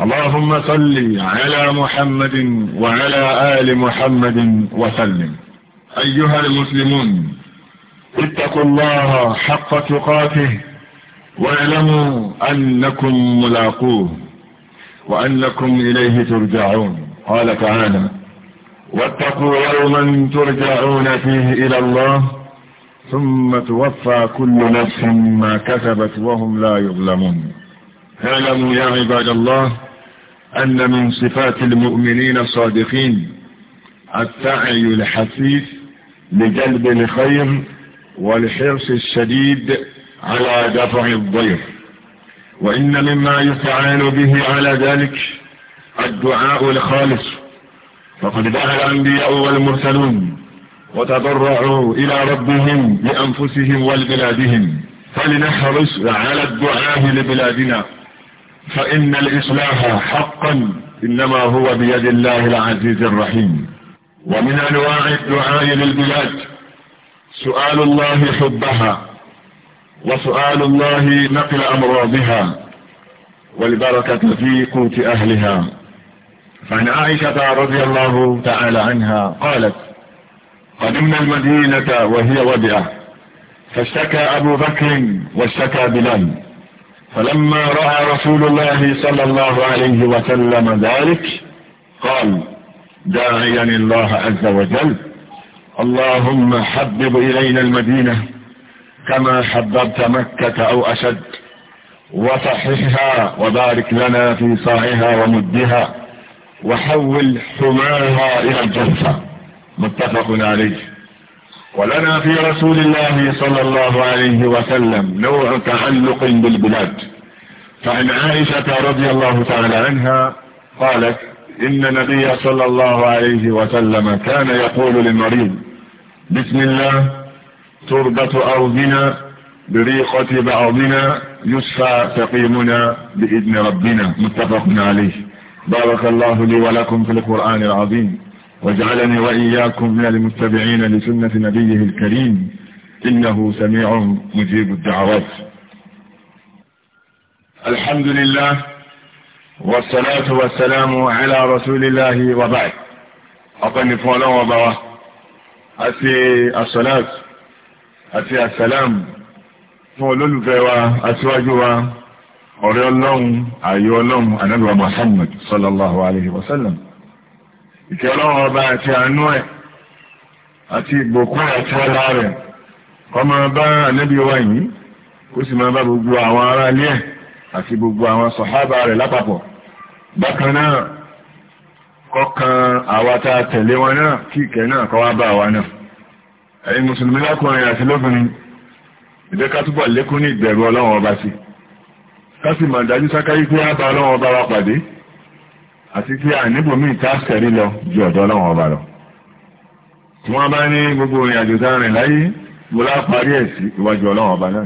اللهم صل على محمد وعلى آل محمد وسلم أيها المسلمون اتقوا الله حق تقاته واعلموا أنكم ملاقوه وأنكم إليه ترجعون قال تعالى واتقوا يوما ترجعون فيه إلى الله ثم توفى كل نفس ما كسبت وهم لا يظلمون اعلموا يا عباد الله أن من صفات المؤمنين الصادقين التعي الحثيث لجلب الخير والحرص الشديد على دفع الضير وإن مما يستعان به على ذلك الدعاء الخالص فقد دعا الأنبياء والمرسلون وتضرعوا إلى ربهم بأنفسهم ولبلادهم فلنحرص على الدعاء لبلادنا فإن الإصلاح حقا إنما هو بيد الله العزيز الرحيم ومن أنواع الدعاء للبلاد سؤال الله حبها وسؤال الله نقل أمراضها والبركة في قوت أهلها فعن عائشة رضي الله تعالى عنها قالت قدمنا المدينة وهي وضعة فاشتكى أبو بكر واشتكى بلال فلما رأى رسول الله صلى الله عليه وسلم ذلك قال داعيا الله عز وجل اللهم حبب إلينا المدينة كما حببت مكة أو أشد وصححها وبارك لنا في صاعها ومدها وحول حماها إلى الجنة متفق عليه ولنا في رسول الله صلى الله عليه وسلم نوع تعلق بالبلاد فعن عائشة رضي الله تعالى عنها قالت إن النبي صلى الله عليه وسلم كان يقول للمريض بسم الله تربة أرضنا بريقة بعضنا يشفى سقيمنا بإذن ربنا متفق عليه بارك الله لي ولكم في القرآن العظيم واجعلني وإياكم من المتبعين لسنة نبيه الكريم إنه سميع مجيب الدعوات الحمد لله والصلاة والسلام على رسول الله وبعد أقل فولا وبوا أتي الصلاة أتي السلام فولا لفوا أسواجوا أريد لهم أيها الله أنا محمد صلى الله عليه وسلم ìkẹ́ ọlọ́run ọba àti àánú ẹ̀ àti ìgbòkún àti ọlá rẹ̀ kọ́ máa bá ànábì wa yìí kó sì máa bá gbogbo àwọn ará ilé ẹ̀ àti gbogbo àwọn sọ̀hábà rẹ̀ lápapọ̀ bákan náà kọ́kan àwa tá a tẹ̀lé wọn náà kí ìkẹ́ náà kọ́ wá bá wa náà ẹ̀yin mùsùlùmí lákùnrin àti lóbìnrin ìdẹ́ ká túbọ̀ lékún ní ìbẹ̀rù ọlọ́run ọba sí ká sì máa dájú sáká pé á bá ọlọ́run ọba wa pàdé àti kí àníbò míì tá sẹ̀rí lọ ju ọ̀dọ̀ ọlọ́run ọba lọ. tí wọ́n bá ní gbogbo ìrìn àjò tá rìn láyé mo lá parí ẹ̀ sí iwájú ọlọ́run ọba náà.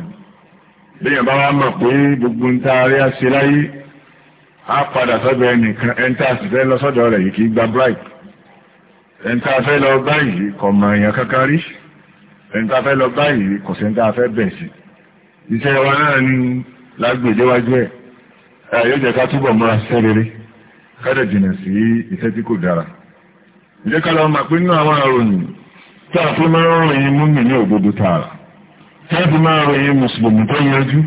lẹ́yìn bá wá mọ̀ pé gbogbo ń tá a rí àṣẹ láyé á padà sọ́dọ̀ ẹnìkan ẹni tá a sì fẹ́ lọ sọ́dọ̀ rẹ̀ yìí kì í gba bribe. ẹni tá a fẹ́ lọ báyìí kò mọ èèyàn kankan rí. ẹni tá a fẹ́ lọ báyìí kò sí ní tá a fẹ́ bẹ̀ sí. iṣẹ́ wa náà ni lágbèdéwájú ẹ̀ yóò jẹ́ ká túbọ̀ múra sẹ́rẹ̀rẹ̀ kádà jìnà sí iṣẹ́ tí kò dára ǹjẹ́ ká lọ́ọ́ pé àwọn àròyìn tá a fún máa ń ròyìn ní òdodo tààrà tá máa ròyìn mùsùlùmí tó yanjú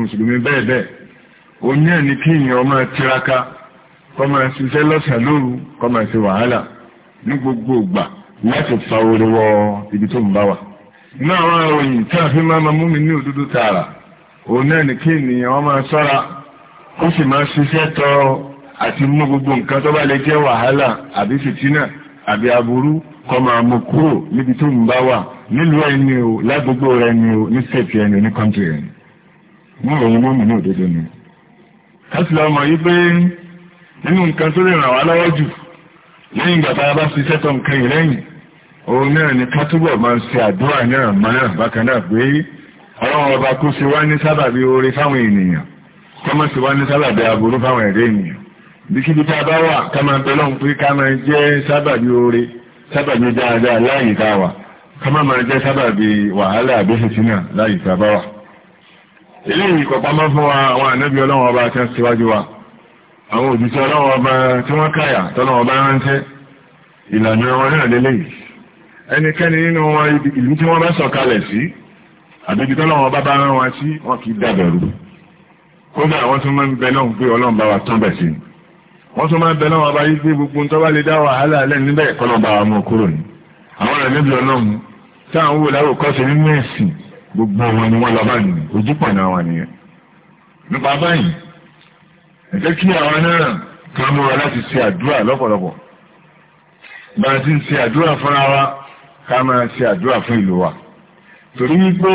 mùsùlùmí bẹ́ẹ̀ bẹ́ẹ̀ ni kí èèyàn máa tiraka kó máa ṣiṣẹ́ lọ́sàn lóru kó máa ṣe wàhálà ní gbogbo ìgbà láti fa ibi tó ń bá wà àwọn àti mú gbogbo nǹkan tó bá lè jẹ́ wàhálà àbí fìtínà àbí aburú kọ́ máa mú kúrò níbi tó ń bá wà nílùú ẹni o lágbègbè rẹ ni o ní sẹ́ẹ̀tì ẹni o ní kọ́ńtì ẹni mú ìròyìn mọ́mù ní òdodo ni. kásìlá ọmọ yìí pé nínú nǹkan tó lè ràn wá lọ́wọ́ jù lẹ́yìn ìgbà tá a bá fi sẹ́tọ̀ nǹkan yìí lẹ́yìn òun náà ni ká túbọ̀ máa ń ṣe àdúrà náà mọ́nà bákan náà pé ọlọ́run ọba kó ṣe wá ní sábàbí oore fáwọn ènìyàn kọ́mọ́ ṣe wá ní sábàbí aburú fáwọn ẹ̀dẹ́ ènìyàn bíkíbi tá a bá wà ká máa bẹ lọ́hùn pé ká máa jẹ́ sábàbí oore sábàbí dáadáa láàyè tá a wà ká máa máa jẹ́ sábàbí wàhálà àbẹ́sẹ̀sínà láàyè tá a bá wà. eléyìí kò pamọ́ fún wa àwọn ànábì ọlọ́run ọba tí wọ́n síwájú wa àwọn òjíṣẹ́ ọlọ́run ọba tí wọ́n káyà tọ́lọ́run ọba ránṣẹ́ ìlànà wọn náà lélẹ́yìí ẹnikẹ́ni nínú wọn ìlú tí wọ́n bá sọ̀kalẹ̀ sí àbíbi tọ́lọ́run wọ́n tún máa bẹ náà wọn bá pé gbogbo tó bá lè dá wàhálà lẹ́nu níbẹ̀ kọ́nà bá wa mọ̀ kúrò ní àwọn ọ̀rẹ́ níbi ọlọ́run táwọn wò láwò kọ́sẹ̀ nínú ẹ̀sìn gbogbo wọn ni wọ́n lọ bá nìyẹn ojú pọ̀ náà wà nìyẹn. nípa báyìí ẹ kí àwọn náà ká múra láti ṣe àdúrà lọ́pọ̀lọpọ̀ bá a ti ṣe àdúrà fúnra wa ká máa ṣe àdúrà fún ìlú wa torí wípé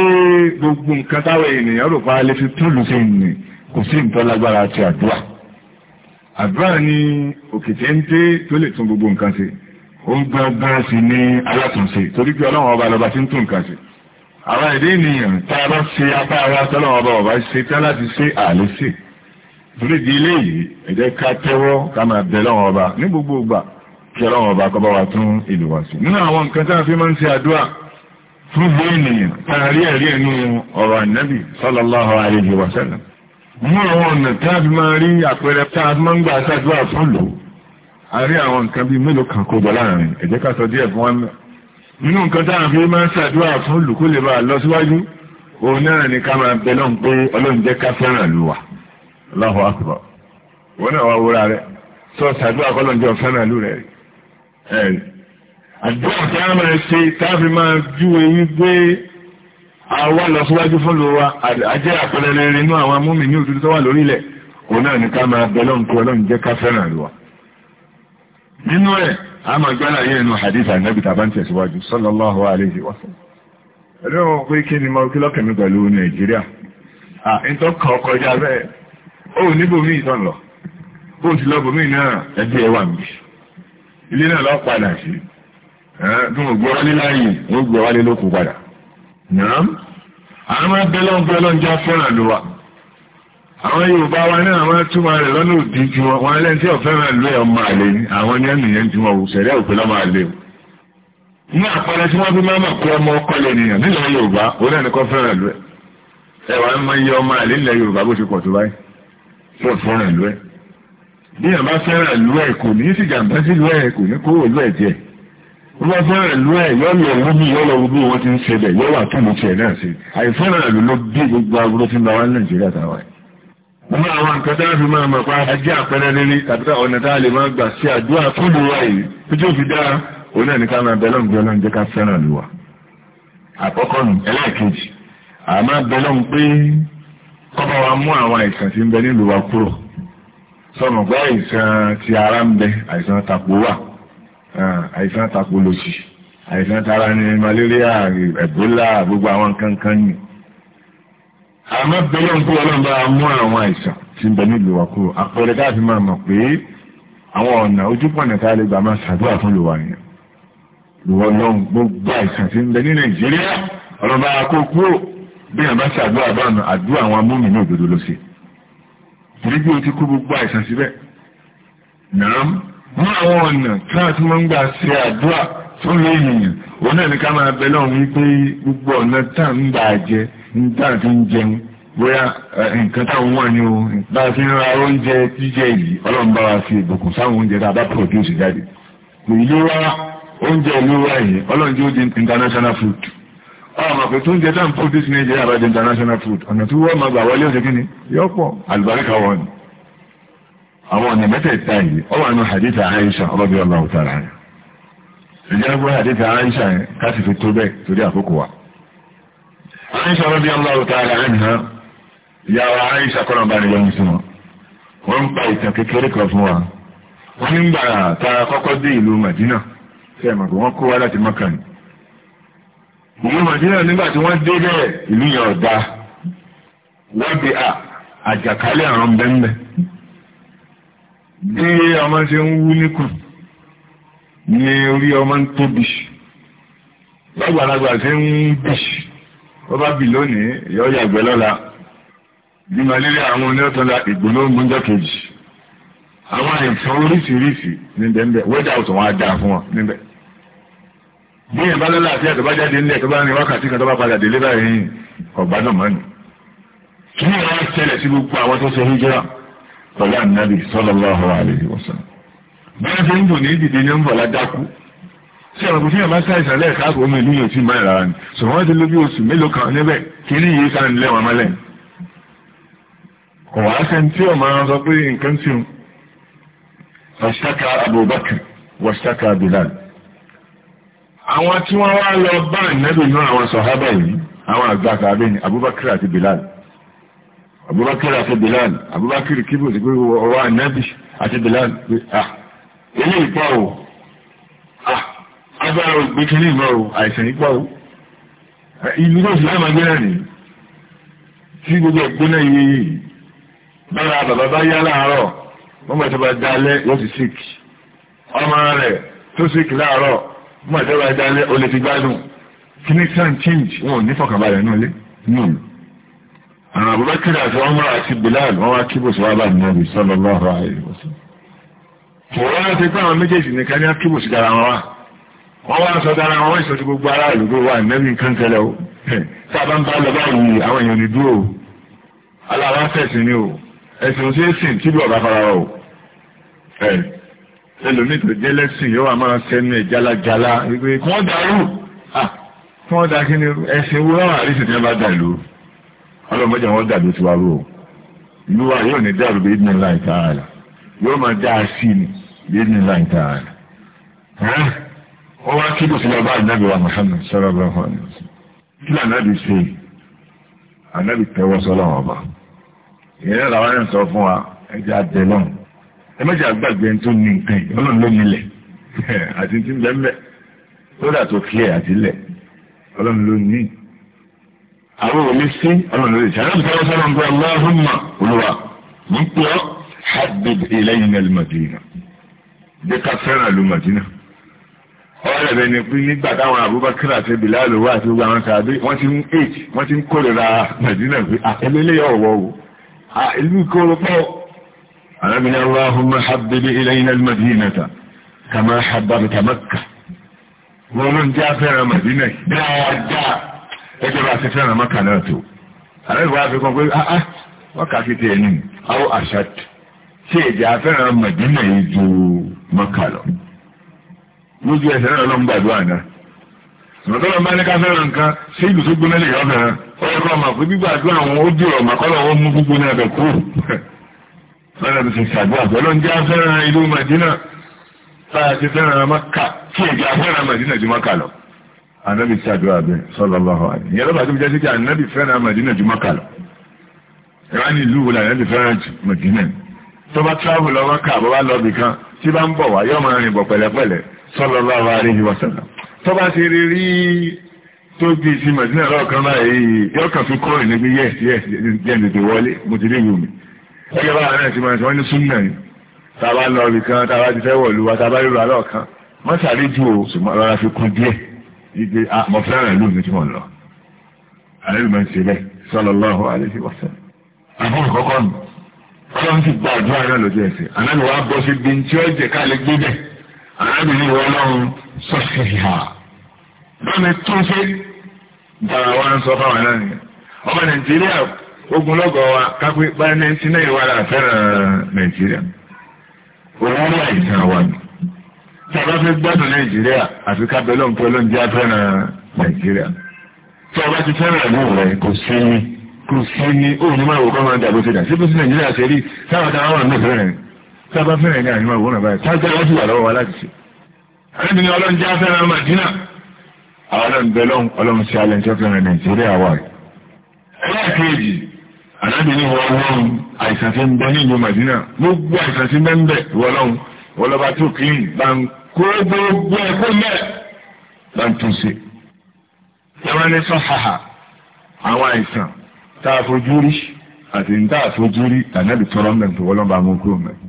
gbogbo nǹkan táwọn ènìyàn rò pa á lè fi túlù sí ìnì kò sí ìtọ́lágbára àti àdúrà àdúrà ni òkè téńté tó lè tún gbogbo nǹkan ṣe ó ń gbọ́ gbọ́n sí ní alátúnṣe torí pé ọlọ́run ọba lọba tí ń tún nǹkan ṣe àwọn èdè ènìyàn tá a bá ṣe apá ara tọ́lọ́run ọba ọba ṣe tán láti ṣe àlè ṣe torí di ilé yìí ẹ jẹ́ ká tẹ́wọ́ ká máa bẹ lọ́run ọba ní gbogbo ìgbà kí ọlọ́run ọba kọ́ bá wa tún ìlú wa ṣe nínú àwọn nǹkan tá a fi máa ń ṣe àdúrà fún gbé ènìyàn tá a rí ẹ̀rí ẹ̀nu ọ̀rọ̀ ànábì mú àwọn ọ̀nà tí a fi máa rí àpẹẹrẹ tí a máa ń gbà ṣàdúrà fún lò a rí àwọn nǹkan bíi mélòó kan kó jọ láàrin ẹ jẹ́ ká sọ díẹ̀ fún wọn nínú nǹkan tá à ń fi máa ń ṣàdúrà fún lò kó lè bá a lọ síwájú òun náà ni ká máa bẹ lọ́n pé ọlọ́run jẹ́ ká fẹ́ràn lù wá Allahu akbar a máa ṣe tá a fi máa júwe àwa lọ síwájú fún ló wa àjẹ́ àpẹẹrẹ rere àwọn amúmi ní òtútù tó wà lórílẹ̀ òun náà ní ká máa bẹ lọ́n ọlọ́run jẹ́ ká fẹ́ràn lọ. nínú ẹ̀ a máa gbára yẹn nínú hadith anabi tàbá ń tẹ̀síwájú sallallahu mi kọjá nàám àwọn máa bẹ lọ́n bẹ lọ́n já fẹ́ràn ló wa àwọn Yorùbá wa náà àwọn túmọ̀ rẹ̀ lọ́nà òdì ju wọn wọn lẹ́yìn tí ọ̀fẹ́ràn ẹ̀ ọmọ ni àwọn wọn òpè lọ́mọ o ní àpẹẹrẹ tí wọ́n fi máa mọ̀ ọmọ Yorùbá náà fẹ́ràn ẹ wàá máa yẹ ọmọ Yorùbá bó ti pọ̀ tó báyìí fẹ́ràn bí wọ́n fẹ́ràn ìlú ẹ̀ yọ́lọ̀ wúbí yọ́lọ̀ wúbí wọ́n ti ń ṣe bẹ̀ yọ́wà tó mú tiẹ̀ náà sí àìfẹ́ràn ìlú ló bí gbogbo agbóró tí ń bá wá nàìjíríà táwa ẹ̀. ọmọ àwọn nǹkan tá a fi máa mọ̀ pa ajé àpẹẹrẹ lérí tàbí ọ̀nà tá a lè máa gbà sí àdúrà tó lù wá yìí tó tó fi dáa òun náà ní ká máa bẹ̀lọ́n bẹ̀lọ́n jẹ́ ká fẹ́ràn ìlú wa. àkọ́kọ́ nù ẹlẹ́ẹ̀kejì a máa bẹ̀lọ́n pé kọ́ba wa mú àwọn àìsàn tí ń bẹ nílùú wa kúrò sọmọgbà àìsàn ti ara ń bẹ àìsàn tàpó wà Ah, àìsàn tapolosi àìsàn tara ni malaria ebola gbogbo àwọn nǹkan kan ni àmọ́ bẹ́lẹ̀ ń kó ọlọ́run bá mú àwọn àìsàn tí ń bẹ nílùú wa kúrò àpẹẹrẹ káàfi máa mọ̀ pé àwọn ọ̀nà ojúpọ̀nà tá a lè gbà máa ṣàdúrà fún lùwà yẹn lùwọ́ lọ́hùn gbogbo àìsàn tí ń bẹ ní nàìjíríà ọ̀rọ̀ kó kúrò bí wọn bá ṣàdúrà bá ọ̀nà àdúrà àwọn amúmi ní òdodo lọ sí torí bí o ti kó gbogbo àìsàn síbẹ̀ nàám ní àwọn ọ̀nà tí wọ́n ti máa ń gbà ṣe àdúrà fún ènìyàn òun náà ní ká máa wípé gbogbo ọ̀nà tá ń bà jẹ ń jẹun bóyá nǹkan táwọn o bá a fi ń ra oúnjẹ jíjẹ yìí wa fi ìbùkún oúnjẹ tá a bá produce jáde oúnjẹ ìlú yìí ọlọ́run di international food ọmọ pé tó ń jẹ tá ń international food ọ̀nà tí wọ́n gbà wọlé àwọn ọ̀nà mẹ́tẹ̀ẹ̀ta yìí ó wà nínú hadith Aisha radiyallahu ta'ala anha ìjẹ́ gbọ́ hadith Aisha yẹn káṣí fi tó bẹ́ẹ̀ torí àkókò wa Aisha radiyallahu ta'ala anha ìyá wa Aisha kọ́nà bá nílẹ̀ ọ̀hún sí wọn wọ́n ń pa ìtàn kékeré kan fún wa wọ́n ní gbà tá kọ́kọ́ dé ìlú Madina tí ẹ̀ màgbọ́ wọ́n kó wá láti Mọ́kà ni ìlú Madina nígbà tí wọ́n dé bẹ́ẹ̀ ìlú yẹn ọ̀dà wọ́n bí àjàkálẹ̀ àrùn bẹ́ẹ̀ bí ọmọ ṣe ń wú níkùn ní orí ọmọ ń tóbi lọ́gbàlagbà ṣe ń bì ó bá bì lónìí yọ yàgbẹ́ lọ́la bí malaria àwọn onírọ̀tọ́lá ìgbóná oúnjẹ kejì àwọn àìsàn oríṣiríṣi ní bẹ́ẹ̀ wẹ́dà ọ̀sán wọn á dáa fún wọn níbẹ̀ bí ìyẹn bá lọ́la àti ẹ̀tọ́ bá jáde nílẹ̀ tó bá ní wákàtí kan tó bá padà délé báyìí ọ̀gbá náà mọ́ni kí ni wọ́n á ṣẹlẹ̀ sí gbogbo àwọn tó ṣe hijira pẹ̀lú ànábì sallallahu alaihi wasallam bẹ́ẹ̀ tí ń dùn ní ìdìdì ní ń bọ̀ ládákú sí ọ̀rọ̀ tí yàmá sáà ìsàlẹ̀ káàkó omi ìlú yóò ti máa ìrara ni ṣùgbọ́n ti ló bí oṣù mélòó kan níbẹ̀ kí ní yìí sáà ń lẹ́wọ̀n mọ́lẹ̀ kò wá sẹ́ni tí ọmọ ara sọ pé nǹkan àwọn tí wọ́n wá lọ bá ìnẹ́bì àwọn sọ̀hábà yìí àwọn àgbà kàbẹ́ni Abubakar àti Bilal abubakar àti bilal abubakar kíbò sí pé ọwọ́ anabi àti bilal pé ah ilé ìpá o ah agbára ògbé kìíní ìmọ̀ o àìsàn ìpá o ìlú náà sì láàmà gbéra nìyí tí gbogbo ẹ̀gbóná yìí bára bàbá bá yá láàárọ̀ wọ́n mọ̀ tó bá dalẹ̀ yóò ti sick ọmọ rẹ̀ tó sick láàárọ̀ wọ́n mọ̀ tó dalẹ̀ o ti gbádùn kìíní sàn change wọn ò ní fọkànbalẹ̀ náà lé nù. No àwọn Abubakar àti Umar àti Bilal wọ́n wá kí bùsù wá bá Ànábì sallallahu alaihi wasallam wọ́n wá ti pé àwọn méjèèjì nìkan ní akíbùsù dára wọn wá wọ́n wá sọ dára wọn ìsọ tí gbogbo ará ìlú wà nẹ́bí nǹkan tẹ́lẹ̀ o tí a bá ń bá lọ báyìí àwọn èèyàn ní dúró aláwa fẹ̀sìn ni o ẹ̀sìn tí ó sìn kí fara o ẹlòmíì tó jẹ́ lẹ́sìn yóò wà máa sẹ́nu ẹ̀ jálajàla wípé kí wọ́n dàrú kí wọ́n àrísìn tí wọ́n bá dà ọlọ́mọdé wọn dàbí tí wàá rú o ìlú wa yóò ní dàbí bí ìdílé ńlá ìta ààlà yóò máa dá a sí ni bí ìdílé ńlá ìta ààlà wọ́n wá kí bùsùlẹ̀ bá ànábì wa Muhammad sallallahu alaihi wasallam kí lànàbì ṣe ànábì tẹ́wọ́ sọ́lọ́ wọn bá ìyẹn làwọn ẹ̀rọ sọ fún wa ẹja àtẹlọ́n ẹ méjì àgbàgbé tó ní nǹkan yìí ọlọ́run ló nílẹ̀ àti tí ń bẹ́ẹ̀ mẹ́ tó dà tó kílẹ̀ àti lẹ̀ ọlọ́run ló ní àwọn òní sí ọlọ́run lórí ìṣẹ̀lẹ̀ nípa ọ̀sán náà ń pẹ́ aláhùnmá olúwa ń pẹ́ ọ́ habib ilayna al-madina jẹ́ ká fẹ́ràn lu madina ọ̀rẹ́ rẹ̀ ni pé nígbà táwọn abubakar àti bilal wà àti gbogbo àwọn sàbí wọ́n ti ń èjì wọ́n ti ń kórìíra madina pé àtẹ́lẹ́lẹ́ ọ̀wọ́ o ìlú ìkóró pọ̀ alábìnrin aláhùnmá habib ilayna al gẹ́gẹ́ bá a ti fẹ́ràn mọ́kà náà tó àlẹ́ ìwà àfikún pé áá ah, ah, mọ́kà fi tiẹ̀ ní àwọn àṣà tí èdè afẹ́ràn mọ̀dínà yìí ju mọ́kà lọ. lójú ẹsẹ̀ náà ló ń gbàdúrà náà ìmọ̀tọ́lọ́ bá ní ká fẹ́ràn nǹkan ṣé ìlú tó gbóná lè yọ fẹ́ràn ọ̀rọ̀ ọmọ pé gbígbàdúrà àwọn ó dì ọ̀mà kọ́lọ̀ wọn mú gbogbo náà bẹ̀ kú. lọ́nà tó ti ṣàdúrà pẹ̀lú ń jẹ́ afẹ́ràn ìlú mọ̀dínà tá a ti fẹ́ràn mọ́kà tí èdè afẹ́ràn mọ̀dínà ju mọ́kà lọ ànábì tí àdúrà bẹ sallallahu alaihi ìyẹn lọ́pàá tó fi jẹ́ sí kí ànábì fẹ́ràn Mẹ̀dínà ju Mákà lọ ìwà ní ìlú wòlò ànábì fẹ́ràn ju Mẹ̀dínà tó bá tíráàbù lọ Mákà bó bá lọ bìkan tí bá ń bọ̀ wá yọ máa rìn bọ̀ pẹ̀lẹ́pẹ̀lẹ́ sallallahu alaihi wasallam tó bá ṣe rí rí tó gbé sí Mẹ̀dínà lọ́ọ̀kan báyìí yọ kàn fi kọ́rin níbi yẹ́s yẹ́s jẹ́ tètè wọlé mo ti rí ìwù mi ẹgbẹ́ báwa náà ti máa sọ wọ́n ní súnmọ́ ni tá lọ bìkan tá ti fẹ́ wọ̀lú wa tá rí wípé ah, mo fẹ́ràn ìlú mi tí mo lọ àlejò máa ń ṣe bẹ́ẹ̀ sallallahu alaihi wasallam àbúrò kọ́kọ́ nù ọlọ́run ti gba àdúrà náà lójú ẹsẹ̀ anábì wa bọ́ sí bíi tí ká lè gbé bẹ́ẹ̀ anábì ní ìwọ ọlọ́run sọ́ọ̀sì ha lọ́nà tó ṣe gbàrà wa ń sọ fáwọn náà nìyẹn ọmọ nàìjíríà ogunlọ́gọ̀ wa kápẹ́ bá ẹni tí náà ìwà rà fẹ́ràn nàìjíríà òun àìsàn wa nù tí a bá fẹ́ gbádùn nàìjíríà àfi ká bẹ́ẹ̀ lọ́npẹ́ lọ́njẹ́ afẹ́ràn nàìjíríà tí a bá ti fẹ́ràn ẹ̀mú rẹ̀ kò sí ní kò sí ní òun ní máa wò kọ́ máa dàgbò sí náà síbi sí nàìjíríà ṣe rí táwọn táwọn àwọn àmì fẹ́ràn ẹ̀ tí a bá fẹ́ràn ẹ̀ ní àyè máa wò náà báyìí táwọn táwọn ti wà lọ́wọ́ wa láti ṣe. àrẹ́bìnrin ọlọ́njẹ́ afẹ́ràn màdínà àwọn ọlọ́nbẹ́ lọ́hùn ọlọ́run ṣe alẹ́ ìjọ fẹ́ràn nàìjíríà wà. ẹlẹ́ẹ̀kejì àrẹ́bìnrin wọ ọlọ́run àìsàn wọ́n lọ́ba tó clean bá ń kó gbogbo ẹ̀ kó mẹ́ bá ń tún ṣe. yàrá ní sọ́hàhà àwọn àìsàn tá a fojú rí àti ní tá a fojú rí tànàbì tọrọ mẹ́rin tó wọ́n lọ́ba mú kúrò mẹ́rin.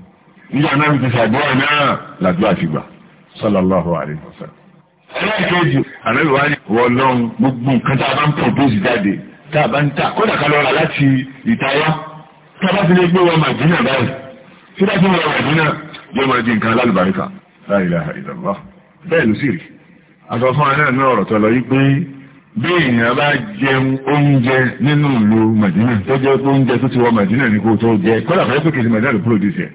nígbà náà ti ṣàdúrà náà làdúrà ti gbà sallallahu alaihi wasallam. ẹlẹ́ẹ̀kejì ànábì wá ní wọlọ́n gbogbo nǹkan tá a bá ń propose jáde tá a bá ń ta kódà ká lọ́ra láti ìtayá tá a bá ti lè gbé wọn màdínà báyìí tí wọ́n màdínà yóò máa di nǹkan alálùbáríkà la ilaha illallah bẹ́ẹ̀ ló sì rí aṣọ fún aná ní ọ̀rọ̀ tọ́lọ yí pé bí èèyàn bá jẹun oúnjẹ nínú ìlú Màdínà tó jẹ́ pé oúnjẹ tó ti wọ Màdínà ní kó tó jẹ kọ́lá fẹ́ pèkè sí Màdínà ló pòròdúsì ẹ̀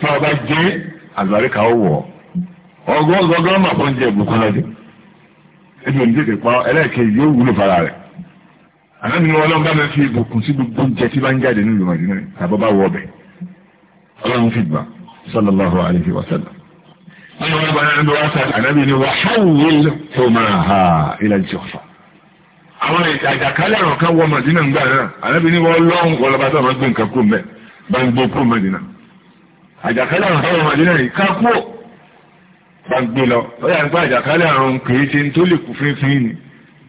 tó ọba jẹ́ àlùbáríkà ó wọ̀ ọgọ́gọ́gọ́ mà fún oúnjẹ ìbùkún lọ́dẹ̀ ẹni òní tètè pa ẹlẹ́ẹ̀kejì yóò wúlò fara rẹ̀ àná ni wọn lọ́nà bá fi ìbùkún sí gbogbo oúnjẹ tí bá ń jáde nínú ìlú Màdínà tàbí bá wọ ọbẹ̀ ọlọ́run fi gbà صلى الله عليه وسلم ọmọ ọgbà ẹni wá sàrà ànábì ni wà háwìl tó máa ha ilẹ̀ jọ̀fà àwọn àjàkálẹ̀ ọ̀rọ̀ kan wọ màdínà ń gbà náà ànábì ni wọ́n lọ́n wọlọ́ba tó máa gbé nǹkan kú mẹ́ bá ń gbó kú màdínà àjàkálẹ̀ ọ̀rọ̀ kan wọ màdínà yìí ká kú bá ń gbé lọ ó yà ń gbá àjàkálẹ̀ ọ̀rọ̀ kìí ṣe tó lè kú fínfín ni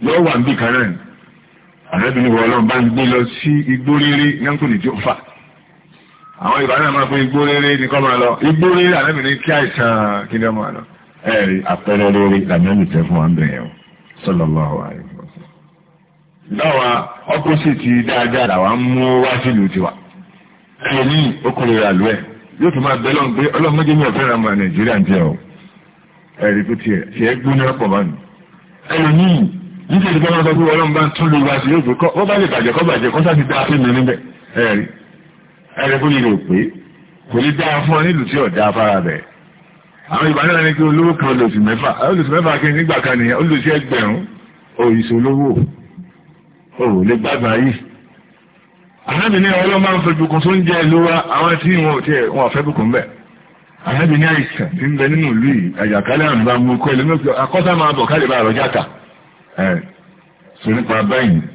lọ́wọ́ wà ń bì kan náà ànábì ni wọ́n lọ́n bá ń gbé lọ sí igbó rírí náà kò ní jọ̀fà àwọn ìbáná máa fún igbó rere ní kọ́ máa lọ igbó rere àlẹ́mì ní kí àìsàn kí lọ́ máa lọ ẹ̀rí àpẹẹrẹ rere làmẹ́mì tẹ́ fún wa ń bẹ̀rẹ̀ o sallallahu alaihi wasallam. lọ́wọ́ ọ́pọ́sìtì dáadáa làwa ń mú wá sílùú tiwa ẹ̀mí okòrè rà lú ẹ̀ yóò tún máa bẹ́lọ́n pé ọlọ́mọdé mi ò fẹ́ràn ọmọ nàìjíríà jẹ́ o ẹ̀rí tó tiẹ̀ tiẹ̀ gbóná pọ̀ mọ́nu ẹ̀mí nítorí pé wọ́n sọ pé ọlọ́mọdé tún lè wá sí yóò fi kọ́ wọ́n bá lè bàjẹ́ kọ́ bàjẹ́ kọ́ sá ti dá fún mi níbẹ̀ ẹ̀rí ẹ̀rẹ́ kó lílo pé kò ní dáa fún ọ nílùú tí ọ̀dá afárá bẹ̀. àwọn ìgbà náà ní kí olówó kan olóṣù mẹ́fà olóṣù mẹ́fà kí nígbà kan nìyẹn olóṣù ẹgbẹ̀rún òyìṣẹ́ olówó ò lè gbàgbà yìí. àhábì ní ọlọ́ máa ń fẹ́bùkún tó ń jẹ́ ìlú wa àwọn tí wọn ò tiẹ̀ wọn àfẹ́bùkún bẹ̀. àhábì ní àìsàn tí ń bẹ nínú ìlú yìí àjàkálẹ̀ àrùn bá mú kọ́ ìlú mẹ́fà akọ́sà máa bọ̀ káàdì bá àrọ̀jà ta. ẹ̀ sọ nípa báyìí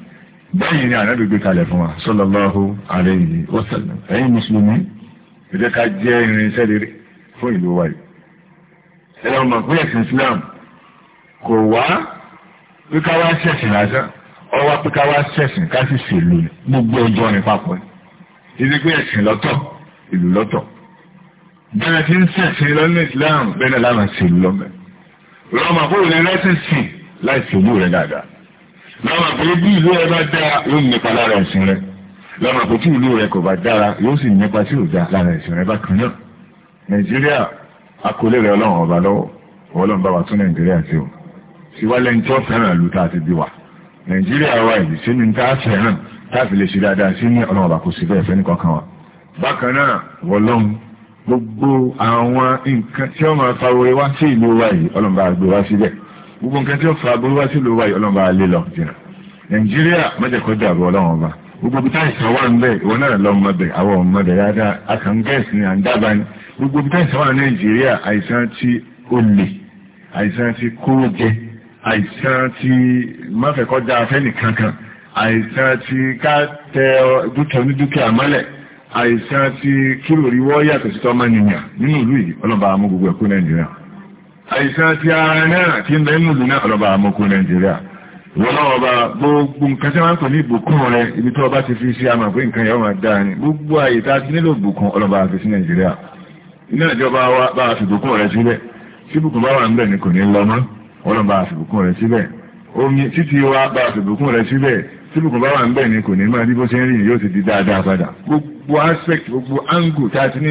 bẹ́yìn ni ànábì gbé kalẹ̀ fún wa sallallahu alayhi wa sallam ẹ̀yin mùsùlùmí ẹ jẹ́ ká jẹ́ irinṣẹ́ rere fún ìlú wa yìí ẹ̀rọ mọ̀ pé ẹ̀sìn Islam kò wá pé ká wá ṣẹ̀sìn lásán ọwá pé ká wá ṣẹ̀sìn ká sì ṣèlú gbogbo ọjọ́ ní papọ̀ ìdí pé ẹ̀sìn lọ́tọ̀ ìlú lọ́tọ̀ bẹ́ẹ̀ tí ń ṣẹ̀sìn lọ́nà Islam bẹ́ẹ̀ náà lánàá ṣèlú lọ́mọ lọ́mọ pé bí ìlú rẹ bá dára yóò nípa lára ẹ̀sìn rẹ lọ́mọ pé tí ìlú rẹ kò bá dára yóò sì nípa tí ò dá lára ẹ̀sìn rẹ bákan náà nàìjíríà akọlé rẹ ọlọ́run ọba lọ́wọ́ ọlọ́run bá wa tún nàìjíríà sí o síwálẹ̀ ní tí wọ́n fẹ́ràn ìlú tá a ti bí wa nàìjíríà wa yìí sí ni tá a fẹ́ràn tá a fi lè ṣe dáadáa sí ní ọlọ́run ọba kò sí bẹ́ẹ̀ fẹ́ gbogbo nǹkan tí ó fa aburú wá sílùú wa ọlọ́run bá lé lọ jìnnà nàìjíríà mọ́jẹ̀kọ́ dàbọ̀ ọlọ́run ọba gbogbo bí táyìsàn wà ń bẹ̀ ìwọ náà lọ́mọ bẹ̀ àwọn ọmọ bẹ̀ dáadáa akàngẹ́sì ni à ń dábàá ni gbogbo bí táyìsàn wà nàìjíríà àìsàn tí ó lè àìsàn tí kó jẹ àìsàn tí máfẹ̀kọ́ da afẹ́nì kankan àìsàn tí ká tẹ dúkìá ní dúkìá mọ́lẹ̀ àìsàn tí kí lórí wọ́ yàtọ̀ sí tọ́mọ́nìyàn nínú ìlú yìí ọlọ́ba àìsàn ti ara náà tí ń bẹ nínú náà lọ́ba àmọ́kù nàìjíríà wọ́n náà ọba gbogbo nǹkan ibi tí ọba ti fi ṣe àmọ̀ pé nǹkan yẹn dáa gbogbo a nílò ìbùkún ọlọ́ba àfi sí nàìjíríà iná ìjọba wa bá a fi ìbùkún rẹ tí ìbùkún bá wà ń bẹ̀ ni kò ní lọ mọ́ ọlọ́ba àfi ìbùkún rẹ omi títí wa bá a fi ìbùkún rẹ ni kò ní máa bí bó ṣe ń rìn yóò ti gbogbo aspect gbogbo angle tá a ti ní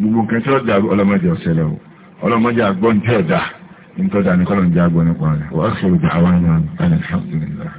gbogbo nǹkan tí ó dàrú ọlọ́mọdé ọ̀sẹ̀lẹ̀ o ọlọ́mọdé àgbọ́n tí ọ̀dà nítorí àníkọ́lọ́ ń jẹ́ àgbọ́n nípa rẹ̀ wọ́n á sọ̀rọ̀ dàwọn àwọn alhamdulillah